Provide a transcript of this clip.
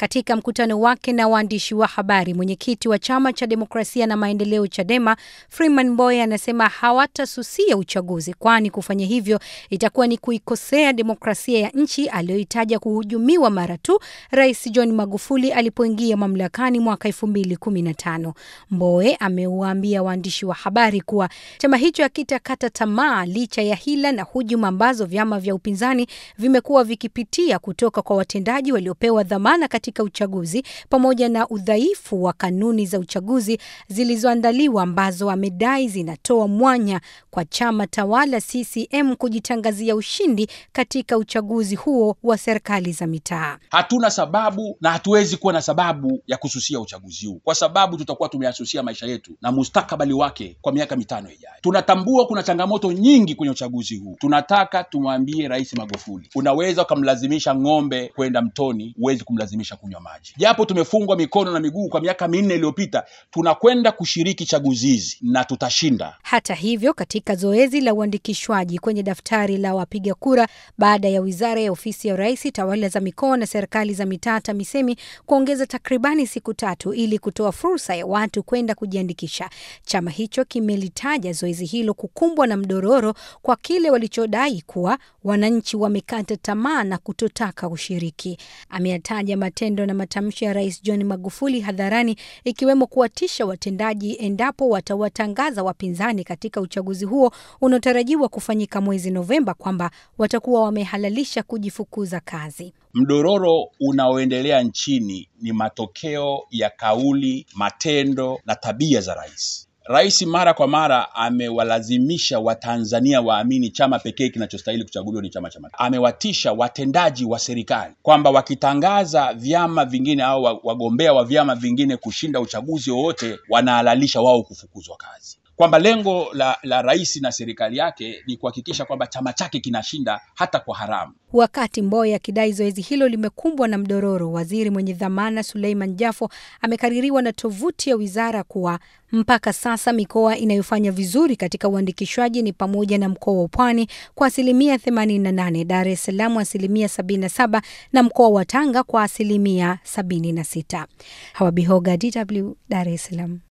Katika mkutano wake na waandishi wa habari, mwenyekiti wa chama cha demokrasia na maendeleo Chadema Freeman Mbowe anasema hawatasusia uchaguzi, kwani kufanya hivyo itakuwa ni kuikosea demokrasia ya nchi aliyohitaja kuhujumiwa mara tu Rais John Magufuli alipoingia mamlakani mwaka kumi na tano Mbowe amewaambia waandishi wa habari kuwa chama hicho hakitakata tamaa licha ya hila na hujuma ambazo vyama vya upinzani vimekuwa vikipitia kutoka kwa watendaji waliopewa dhamana katika katika uchaguzi pamoja na udhaifu wa kanuni za uchaguzi zilizoandaliwa ambazo amedai zinatoa mwanya kwa chama tawala CCM kujitangazia ushindi katika uchaguzi huo wa serikali za mitaa. Hatuna sababu na hatuwezi kuwa na sababu ya kususia uchaguzi huu kwa sababu tutakuwa tumeyasusia maisha yetu na mustakabali wake kwa miaka mitano ijayo. Tunatambua kuna changamoto nyingi kwenye uchaguzi huu. Tunataka tumwambie Rais Magufuli, unaweza ukamlazimisha ng'ombe kwenda mtoni, huwezi kumlazimisha kunywa maji. Japo tumefungwa mikono na miguu kwa miaka minne iliyopita, tunakwenda kushiriki chaguzi hizi na tutashinda. Hata hivyo, katika zoezi la uandikishwaji kwenye daftari la wapiga kura baada ya wizara ya ofisi ya rais, tawala za mikoa na serikali za mitaa TAMISEMI kuongeza takribani siku tatu ili kutoa fursa ya watu kwenda kujiandikisha, chama hicho kimelitaja zoezi hilo kukumbwa na mdororo kwa kile walichodai kuwa wananchi wamekata tamaa na kutotaka kushiriki. Ameyataja matendo vitendo na matamshi ya Rais John Magufuli hadharani, ikiwemo kuwatisha watendaji endapo watawatangaza wapinzani katika uchaguzi huo unaotarajiwa kufanyika mwezi Novemba kwamba watakuwa wamehalalisha kujifukuza kazi. Mdororo unaoendelea nchini ni matokeo ya kauli, matendo na tabia za rais. Rais mara kwa mara amewalazimisha Watanzania waamini chama pekee kinachostahili kuchaguliwa ni chama cha Mapinduzi. Amewatisha watendaji wa serikali kwamba wakitangaza vyama vingine au wagombea wa vyama vingine kushinda uchaguzi wowote, wanahalalisha wao kufukuzwa kazi kwamba lengo la, la rais na serikali yake ni kuhakikisha kwamba chama chake kinashinda hata kwa haramu. Wakati mboya akidai zoezi hilo limekumbwa na mdororo, waziri mwenye dhamana Suleiman Jafo amekaririwa na tovuti ya wizara kuwa mpaka sasa mikoa inayofanya vizuri katika uandikishwaji ni pamoja na mkoa wa Pwani kwa asilimia 88, Dar es Salaam asilimia 77 na mkoa wa Tanga kwa asilimia 76. Hawabihoga, DW, Dar es Salaam.